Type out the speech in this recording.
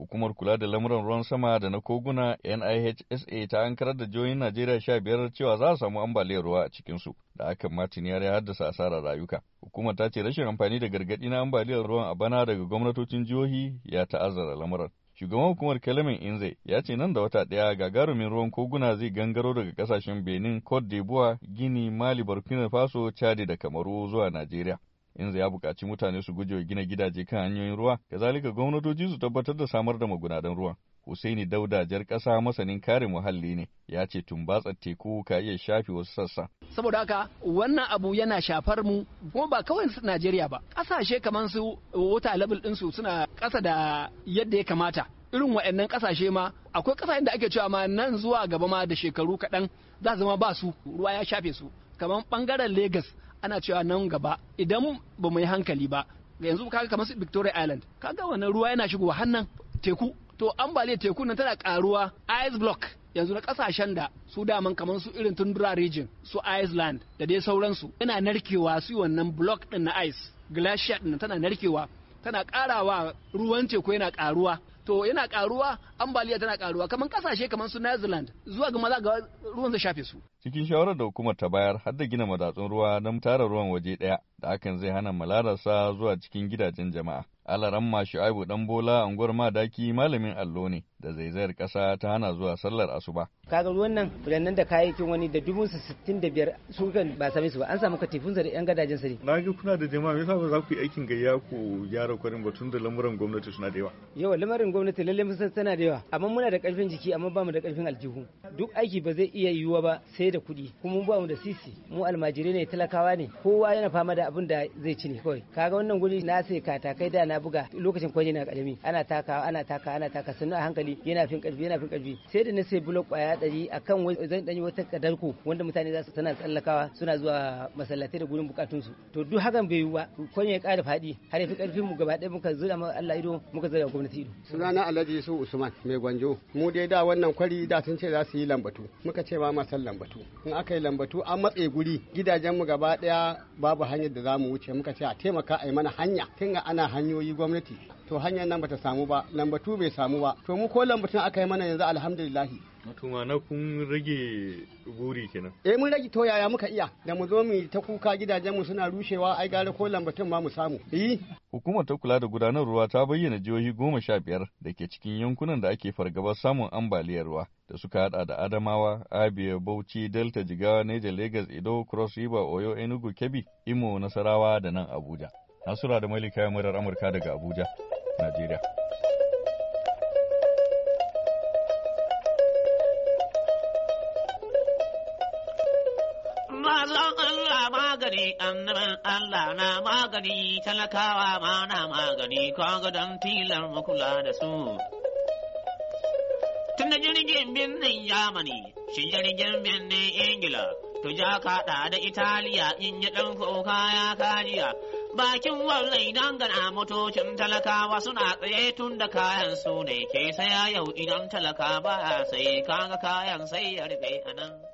Hukumar kula da lamuran ruwan sama da na koguna NIHSA ta ankarar da jihohin Najeriya sha biyar cewa za a samu ambaliyar ruwa a cikinsu da hakan matin ya haddasa asarar rayuka. Hukumar ta ce rashin amfani da gargaɗi na ambaliyar ruwan a bana daga gwamnatocin jihohi ya ta'azzara lamuran. Shugaban hukumar Kalamin Inze ya ce nan da wata ɗaya gagarumin ruwan koguna zai gangaro daga kasashen Benin, Cote d'Ivoire, Guinea, Mali, Burkina Faso, Chad da Kamaru zuwa Najeriya. yanzu ya buƙaci mutane su gujewa gina gidaje kan hanyoyin ruwa kazalika gwamnatoci su tabbatar da samar da magudanan ruwa. Husaini Dauda jar ƙasa masanin kare muhalli ne ya ce tumbatsar teku ka iya shafe wasu sassa. Saboda haka wannan abu yana shafar mu kuma ba kawai su Najeriya ba ƙasashe kamar su wata level su suna ƙasa da yadda ya kamata irin waɗannan ƙasashe ma akwai ƙasashen da ake cewa ma nan zuwa gaba ma da shekaru kaɗan za zama ba su ruwa ya shafe su kamar ɓangaren Legas ana cewa nan gaba idan ba mu yi hankali ba ga yanzu kaga kamar su Victoria Island kaga wannan ruwa yana shigowa hannan teku to ambaliyar teku nan tana karuwa ice block yanzu na kasashen da su daman kamar su irin tundura region su Iceland da dai sauransu yana narkewa su wannan block din na ice glacier din tana narkewa tana karawa ruwan teku yana karuwa to yana karuwa ambaliya tana karuwa kamar kasashe kamar su Zealand zuwa ga maza ga ruwan zai shafe su cikin shawarar da hukumar ta bayar har da gina madatsun ruwa na tara ruwan waje daya da hakan zai hana malararsa zuwa cikin gidajen jama'a. alaran Alaramma Shu'aibu dan Bola unguwar Madaki malamin allo ne da zaizayar kasa ta hana zuwa sallar asuba. Kaga wannan fulannan da kayayyakin wani da dubu sittin da biyar su kan ba same su ba an samu katifinsa da 'yan gadajen sare. ne. Na ga kuna da jama'a me yasa ba za ku yi aikin gayya ku gyara kwarin batun da lamuran gwamnati suna da yawa. Yawa lamarin gwamnati lalle mun san tana da yawa amma muna da karfin jiki amma ba mu da ƙarfin aljihu. Duk aiki ba zai iya yiwuwa ba sai da kuɗi kuma ba mu da sisi mu almajirai ne talakawa ne kowa yana fama da abin da zai ci ne kawai kaga wannan guri na sai katakai da na buga lokacin kwaje na karami ana taka ana taka ana taka sannu a hankali yana fin karfi yana fin karfi sai da na sai bulok kwaya dari akan zan danyi wata kadarko wanda mutane za su tana tsallakawa suna zuwa masallatai da gurin bukatun su to duk hakan bai yiwu ba kwanye ya kara fadi har yafi karfin mu gaba ɗaya muka zura ma Allah ido muka zura gwamnati ido sunana Alhaji Yusuf Usman mai gwanjo mu dai da wannan kwari da sun ce za su yi lambatu muka ce ba ma san lambatu in aka yi lambatu an matse guri gidajen mu gaba ɗaya babu hanyar da da za mu wuce muka ce a taimaka a yi mana hanya tun ana hanyoyi gwamnati to hanyar nan bata samu ba lambatu bai samu ba to mu ko tun aka yi mana yanzu alhamdulillahi wato na kun rage guri kenan eh mun rage to yaya muka iya da mu zo mu ta kuka gidajen mu suna rushewa ai gare ko lambatun ma mu samu eh hukumar ta kula da Gudanar Ruwa ta bayyana jihohi goma sha biyar da ke cikin yankunan da ake fargabar samun ambaliyar ruwa da suka hada da Adamawa, Abia, Bauchi, Delta, Jigawa, Niger, Lagos, Edo, Cross River, Oyo, Enugu, Kebbi, Imo, Nasarawa da nan Abuja. Nasura da Malika Murar Amurka daga Abuja. Nigeria. Mazan Allah magani, annaban Allah na magani, talakawa ma na magani, kaga don tilar makula da su. Tun da jirgin birnin Yamani, shi jirgin birnin Ingila, Tujaka kaɗa da Italiya in yi ɗan kuka ya kariya. Bakin wallai dangana motocin talakawa suna tsaye tun da kayan su ne ke saya yau idan talaka ba sai kaga kayan sai ya rufe a nan.